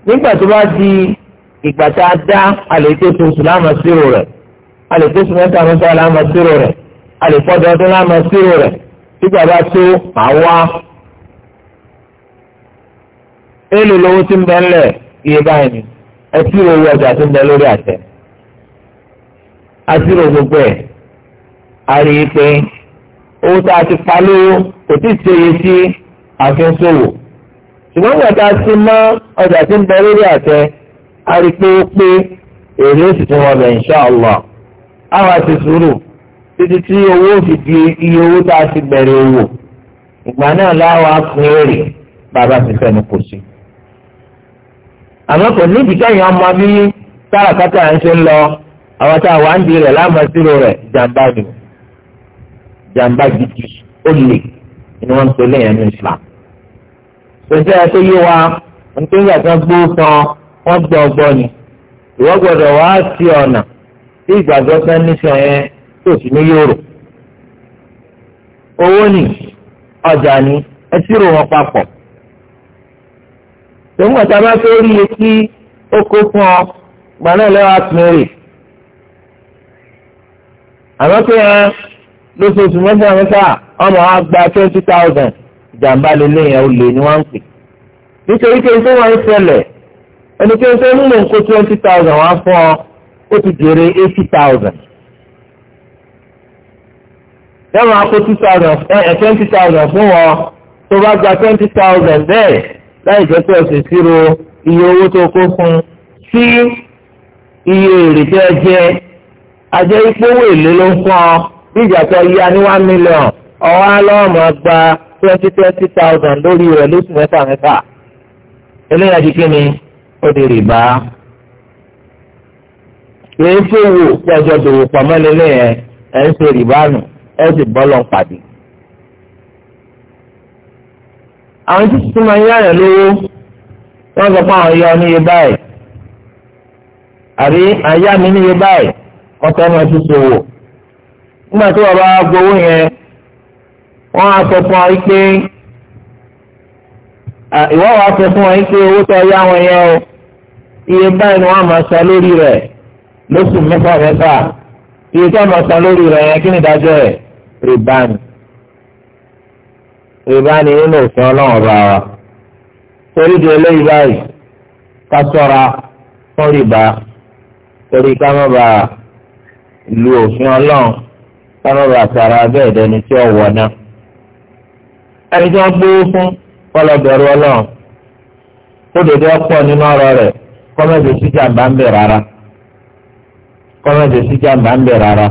nígbà tó bá di ìgbà tá a dá àlè tó tó sùn láàmà sírò rẹ̀ àlè tó sùn mẹ́ta mẹ́ta láàmà sírò rẹ̀ a lè pọ́ dọ́dún láàmú sírò rẹ̀ nígbà bá tó àwa èlò lówó tí ń bẹ ńlẹ̀ iye báyìí ni ẹ sírò owó ọjà tí ń bẹ lórí àtẹ a sírò gbogbo ẹ̀ a rí i pé owó tá a ti pa lówó kò tí ì ṣe iye tí a fi ń ṣòwò ṣùgbọ́n ìgbà tá a ti mọ́ ọjà tí ń bẹ lórí àtẹ a rí i pé ó pé èrè ó sì tún wọ́n bẹ̀ insha Allah àwa ti sùúrù títí tí owó fi di iye owó tá a ti bẹ̀rẹ̀ owó ìgbà náà láwa pín èrè bàbá ti fẹnu kò sí. àmọ́ kò nídìí kẹ́yìn ọmọ bí káràkátà ń ṣe ń lọ àwọn tá a wà ń di rẹ̀ lámàsírò rẹ̀ jàǹbá ni jàǹbá gidi ó lè ni wọ́n ń pè lẹ́yìn ní Islam. sọ́jà ẹ̀ tó yé wa nítorí àti gbó tán wọ́n gbọ́ ọgbọ́ ni ìwọ́gbọ́dọ̀ wá sí ọ̀nà tí ìgbàgbọ́ sẹ́ni sọ yẹn tí ò ní yòrò owó ni ọjà ni ẹ ti rò wọn papọ̀ tòun ọ̀tá bá fẹ́ rí iye tí ó kó fún ọ gbaná lẹ́wọ̀ àtúnrè àmọ́ pé ẹ lóṣooṣù mẹ́fà mẹ́fà ọmọ wa gba twenty thousand ìjàmbá lélẹ́yìn ẹ̀ ó lè ní wọ́n ń pè nítorí pé tó wọ́n ṣẹlẹ̀ ẹnikẹ́ni tó ń lò ń twenty thousand wá fún ọ ó ti jèrè eighty thousand yẹ́n máa kó two thousand ẹ̀ eh, eh, twenty thousand fún wọn tó bá gba twenty thousand bẹ́ẹ̀ láì jẹ́ pé ọ̀sẹ̀ síro iye owó tó kó fún sí iye èrè tẹ́ jẹ ajẹ́ ipò owó èlé ló ń fún ọ bí ìjà tó yá ní one million ọ̀wá lọ́wọ́ máa gba twenty twenty thousand lórí rẹ̀ lóṣù mẹ́fà mẹ́fà eléyà di kí ni ó di rìbá kìí ṣe wò pé ọjọ́ dòwò pamọ́ lélẹ̀ ẹ̀ ń ṣe rìbá nù. ẹ sì bọ́lọ̀ ń pàdé. àwọn tí tuntun máa ń yára lówó wọ́n sọ pé àwọn yọ níye báyìí àbí àyà mi níye báyìí ọ̀tọ̀ máa ti ṣòwò. nígbà tí wọ́n bá gbowó yẹn wọn á sọ fún ọ pé ìwọ́ wa sọ fún ọ pé owó tó yá wọn yẹn o iye báyìí iye tí a máa san lórí rẹ̀ yẹn kí ni ìdájọ́ rẹ̀ rìbá ni rìbá ni nínú òfin ọlọ́run ọba wa torí di eléyìí báyìí ká sọ́ra fún rìbá torí ká má ba lu òfin ọlọ́run ká má ba tara bẹ́ẹ̀ dẹni tí ó wọ̀ náà ẹni tí wọ́n gbówó fún kọlọ̀bẹ̀rù ọlọ́run ó dòdò ọ̀pọ̀ nínú ọ̀rọ̀ rẹ̀ kọ́mẹ́sì sí jàǹbá ń bẹ̀ rárá. kọ́nà jẹ sí jàmbá ń bẹ̀ rárá.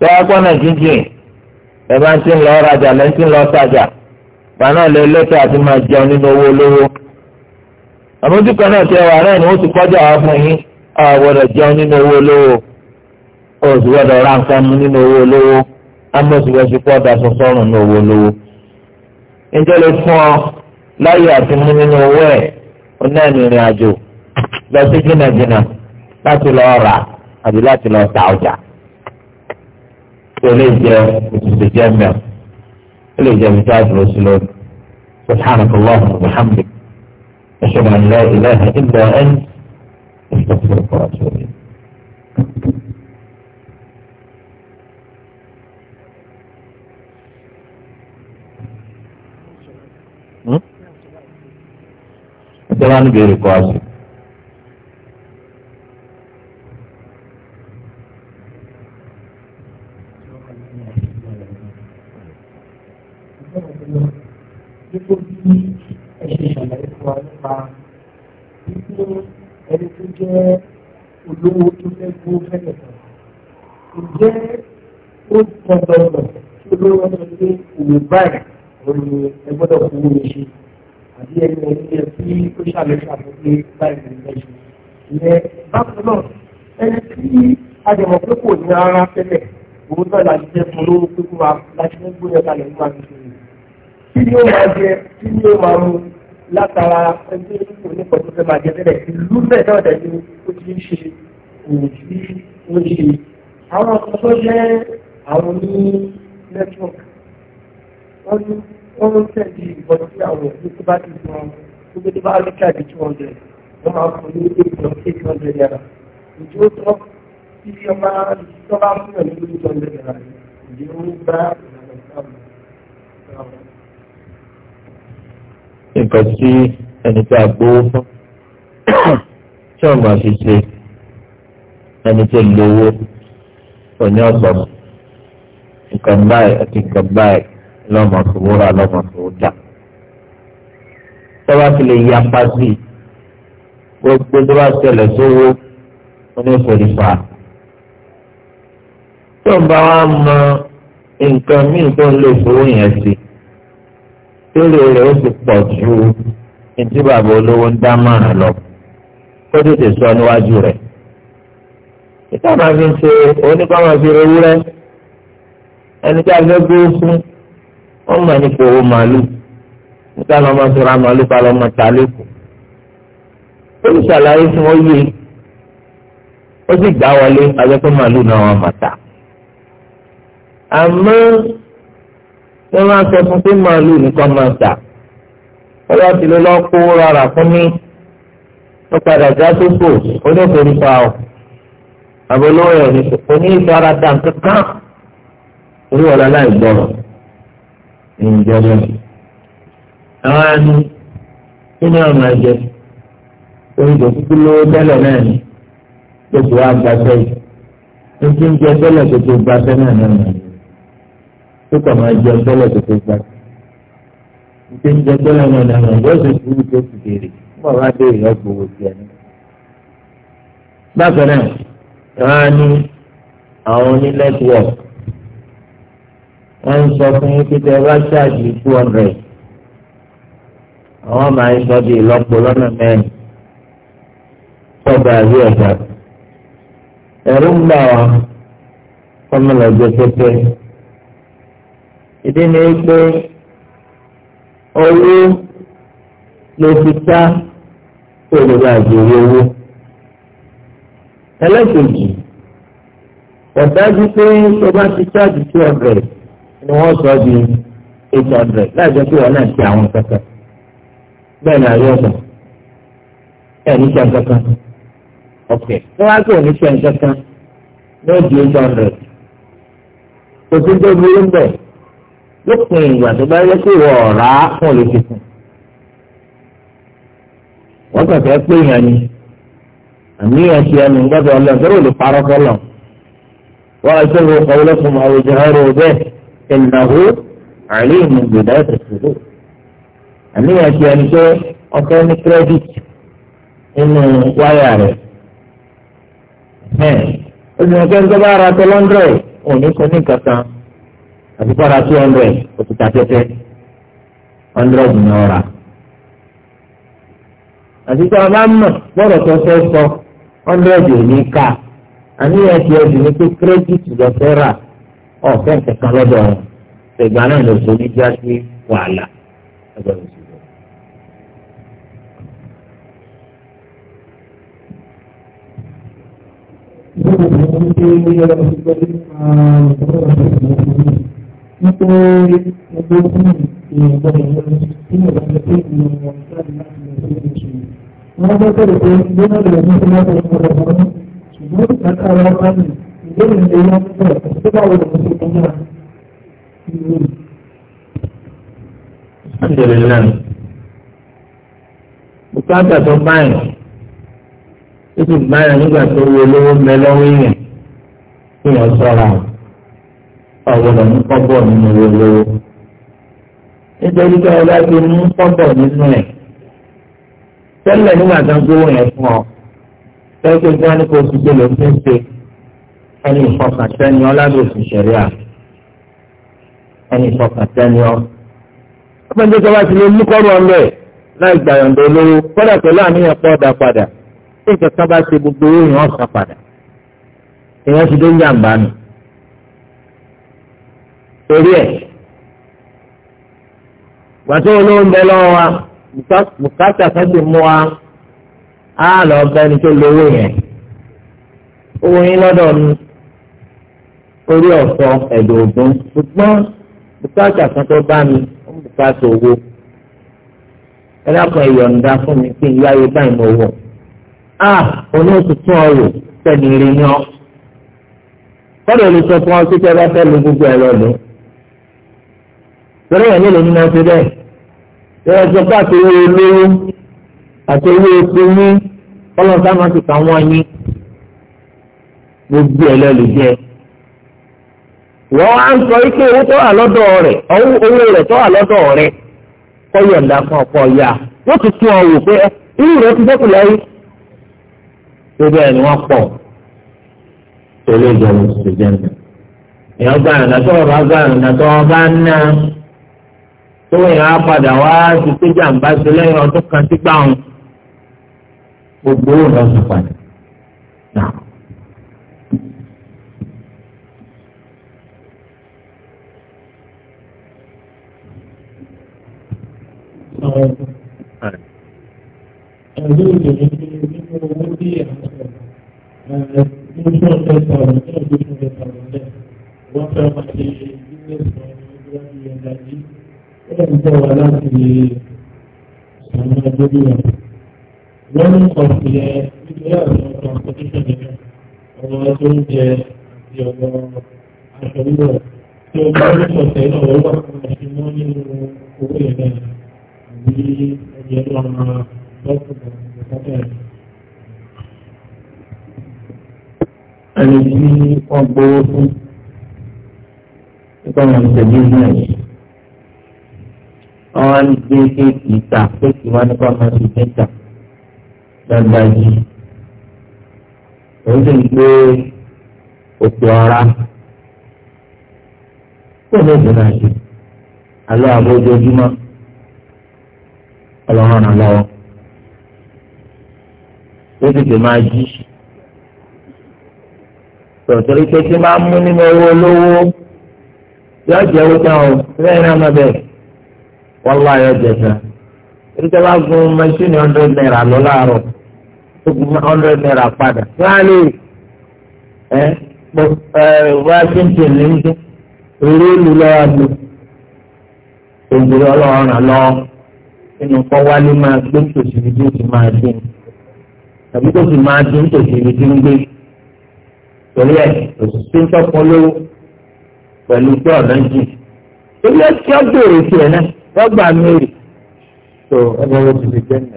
tó a gbọ́nà jíjìn ẹ bá ń ti lọ rajà lẹ́ ń lọ lè lẹ́tọ̀ àti máa jẹun nínú owó olówó. náà tẹ wà náà ni ti kọjá wá fún yín ọ̀gbọ́dọ̀ jẹun nínú owó olówó olowo gbọ́dọ̀ ra nǹkan mu nínú owó olówó amọ̀síwọ́sí kọ́ daṣọ sọ́run nínú owó olówó. lè fún ọ láyé àti mú nínú owó ẹ̀ àti láti lọ ta ọjà. Ilé jẹ سبحانك اللهم وبحمدك أشهد أن لا إله إلا أنت أستغفرك وأتوب إليك أنت ما báyìí olú ẹgbọ́dọ̀ fún mi ṣe àbí ẹni ẹni yẹ kí ó ṣàlẹ̀ ṣàpèjì báyìí ní ẹ̀ṣẹ̀ ìyẹn bákan náà ẹni tí ajẹmọ̀ pé kò ní ara tẹ́lẹ̀ òun náà láti jẹ́ fún olówó pé kó wa láti ní gbóyè kalẹ̀ nípa tuntun yìí kí ni ó máa jẹ kí ni ó máa mu látara ẹgbẹ́ onípọ̀ tó fẹ́ máa jẹ tẹ́lẹ̀ ìlú bẹ́ẹ̀ náà dẹ̀ ni ó ti ń ṣe òun tí ó ń ṣe àwọn ọ̀sán tó wọ́n ní wọ́n ń tẹ̀lé ìgbọ̀n sí àwọn òbí tó bá ti gbọ́n gbogbo tó bá rí káàdì two hundred wọ́n máa fún ní eight hundred eight hundred naira ìjọ tó tí ọba tó bá fún ẹ̀ ní eight hundred ìdí ó ń bá ìlànà ìsáàmù. nǹkan tí ẹni tí a gbowó fún tí wọ́n máa fi ṣe ẹni tí lówó òní ọ̀gbọ̀n nǹkan báyìí àti nǹkan báyìí lọ́mọ sòwò rà lọ́mọ sòwò tà tọ́ba fi lè ya pàṣẹ gbogbo tó bá ṣẹlẹ̀ sówó onífòlìfà tó ń bá wa mọ nǹkan míì tó ń lè fowó yẹn sí tẹ́lẹ̀ rẹ̀ ó sì pọ̀ ju ntí bàbá olówó ń dá márùn lọ kó tètè sọ níwájú rẹ̀ ìta máa fi ń ṣe oníkọ́ fi rewúrẹ́ ẹni tí a fẹ́ gbé fún wọ́n mọ̀ nípa owó màálù nígbà lọ́ máa tó ra màálù pa lọ́ máa ta lẹ́kọ̀ọ́ olùsàlàyé fún ọ yé ó sì gbá wọlé ajẹ́pẹ́ màálù náà wọ́n máa ta àmọ́ wọ́n máa sọ fún pé màálù nìkan máa ta wọ́n bá ti lọ lọ́ọ́ kó rárá fún mi wọ́n padà já sóko oníkòrí pa ọ́ àbẹ̀lówó ẹ̀ ní ìfarada kankan orí ọ̀la láì gbọ́rọ̀ ìjọ bẹ́ẹ̀. àwọn àánú nínú àwọn àjẹ oúnjẹ kúkú lówó tẹ́lẹ̀ náà ni tó ti wá gbàtẹ́ yìí ní kí n jẹ tẹ́lẹ̀ tó ti gbàtẹ́ náà náà nà tó kàn máa jẹ tẹ́lẹ̀ tó ti gbàtẹ́ ní kí n jẹ tẹ́lẹ̀ náà náà nà yóò ti kú tó ti dèrè mọ̀ bá dé ìyá gbowó tiẹ̀ ní. bákan náà wọ́n á àwọn oní wọ́n ń sọ fún yín pé tẹ ẹ bá ṣáàjì two hundred àwọn máa ń sọ di ìlọ́po lọ́nà mẹ́rin sọ́dọ̀ àbí ẹ̀dá ẹ̀rú ń bà wá kọ́mọlọ́jọ́ pẹ́pẹ́ ìdí ni pé owó ló fi ta kó lè bá àjòyè owó ẹlẹ́kẹ̀jì ọ̀dájú pé tó bá ti ṣáàjì two hundred ni wọ́n sọ di eight hundred láì jẹ́ pé wọ́n náà ti àwọn kankan bẹ́ẹ̀ ni àyè ọ̀sán ẹ̀ ní sẹ́yìn kankan ok ní wọ́n á pè ní sẹ́yìn kankan ní ó di eight hundred kò sí tó burú bẹ́ẹ̀ lópin ìgbà tó bá yẹ kó wọ ọ̀rá fún olùfikùn wọ́n kàn fẹ́ pé yẹn ni àmì ẹ̀sì ẹnu gbọ́dọ̀ ọlọ́ọ̀ tó lè parọ́ fọlọ́ wọ́n á ṣe wo ọ̀wọ́lọ́kùnrin àwùjọ ẹ̀rọ ìnáwó àárín ìmùgbòdà ìṣòro àníyàn ti ẹni pé ọkọ ní kírẹ́dìtì nínú wáyà rẹ̀ ó sì ní kí ẹni tó bá ra tó lọ́ndrẹ̀ òní kò ní kankan àti kọ́ra two hundred òkúta tẹ́tẹ́ hundred ní ọ̀ra àti tí a bá mọ̀ bọ́ọ̀rọ̀ tó fẹ́ sọ hundred òní ká àníyàn ti ẹni pé kírẹ́dìtì lọ rà ọ̀fẹ́ kankan lọ́dọ̀ wọn ṣègbà náà lè so níjà sí wàhálà ẹgbẹ́ mi sì lọ. Wọ́n bá bẹ̀rẹ̀ pé gbọ́dọ̀ lè ní ìlànà ìfọ̀rọ̀mọ́rán ṣùgbọ́n ìtàkà wọn bá nìyí lórí ìlera púpọ̀ tó bá wọlé ọ̀sẹ̀ kan náà ìlú. Àjẹ̀lẹ̀ náà bùkátà tó báyìí ó sì báyìí nígbà tó wọ olówó mẹ lọ́wọ́ èèyàn kí wọ́n sọ̀ra ọ̀gbọ̀dọ̀ ní kọ́bọ̀ nínú owó olówó. Nítorí pé ọlá ti mú kọ́bọ̀ nínú ẹ̀ tẹ́lẹ̀ nígbà tó ń gbówó yẹn fún ọ tẹ́lẹ̀ tó ń gbọ́ ní kó o ti ṣe lòún ṣe ṣe ẹni ìfọkàntẹ́ni ọlọ́dún òfin ṣẹ̀ríà ẹni ìfọkàntẹ́ni ọ. ọgbẹ́njẹ́ tó bá ti lè mú kọ́rọ̀ ọ̀lẹ́ láì gbàyànjọ olówó kọ́dà pẹ̀lú àníyàn pọ̀ dà padà tí ìkẹ́kẹ́ bá ṣe gbogbo owó yẹn ọ̀sán padà ìyẹn ti dé yàǹbá nù. torí ẹ̀ wàtí olówó ń bẹ lọ́wọ́ wa bùkátà kan ti mú wa á lọ bẹ́ni tó lówó yẹn owó yín lọ́dọ̀ orí ọ̀sọ́ ẹ̀dọ̀ ògùn ṣùgbọ́n bùkátà kan tó bá mi ó ń bùkátà owó ẹ dákun ìyọ̀ǹda fún mi kí n yáyé báyìí mọ owó a olóòtú tún ọ rò sẹ́ni rí ni ọ́ kọ́dọ̀ olè sọ fún ọ sí tẹ́ bá fẹ́ lu gbogbo ẹ̀ lọ lò lọ́rọ̀ yẹn mélòó ni wọ́n ti bẹ́ẹ̀ lọ́rọ̀ sọ pé àti owó olówó àti owó epo ní ọlọ́ọ̀tá máa ti kà wọ́n yín gbogbo ẹ̀ lọ lè jẹ́ ẹ̀. wọ́n á ń sọ ike owó tó wà lọ́dọ̀ rẹ̀ owó rẹ̀ tó wà lọ́dọ̀ rẹ̀ kọ́ yọ̀ǹda fún ya wọ́n ti tún ọ wò pé irú rẹ̀ ti lẹ́yìn gbogbo Gracias bí ẹni ẹ̀rọ ọmọ lọ́kùnrin ìgbàgbọ́ ẹ̀. ẹni tí wọ́n gbowó fún nípa wọn ìṣẹ̀lẹ̀ náà yìí wọ́n á gbé kéèkì ta kéèkì wá nípa wọn ti dé ta gbàgbà yìí òun sì ń gbé òkè ọ̀ra kó ní ìdùnnú àti àlọ́ àbójoojúmọ́. ọlọ́run ràn lọ́wọ́ ó tètè máa jí tòtòrí pé tí máa mú nínú owó olówó yóò jẹ́ owó tán o bẹ́ẹ̀ bẹ́ẹ̀ wọ́n ayọ́ jẹ naira lọ láàárọ̀ tó gun naira padà ẹ ẹ washington ní ìlú lọ́wọ́ nínú kọ́ wálé máa gbé tòsí ibi tí ó ti máa dùn tàbí tó ti máa dùn tòsí ibi tí ń gbé torí ẹ̀ òṣìṣẹ́ ń tọ́pọ̀ lówó pẹ̀lú pé ọ̀nà jì torí ẹ̀ tí ó béèrè tiẹ̀ náà lọ́gbà mẹ́rì tó ẹgbẹ́ wo ti fi jẹ́ nà.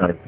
All right.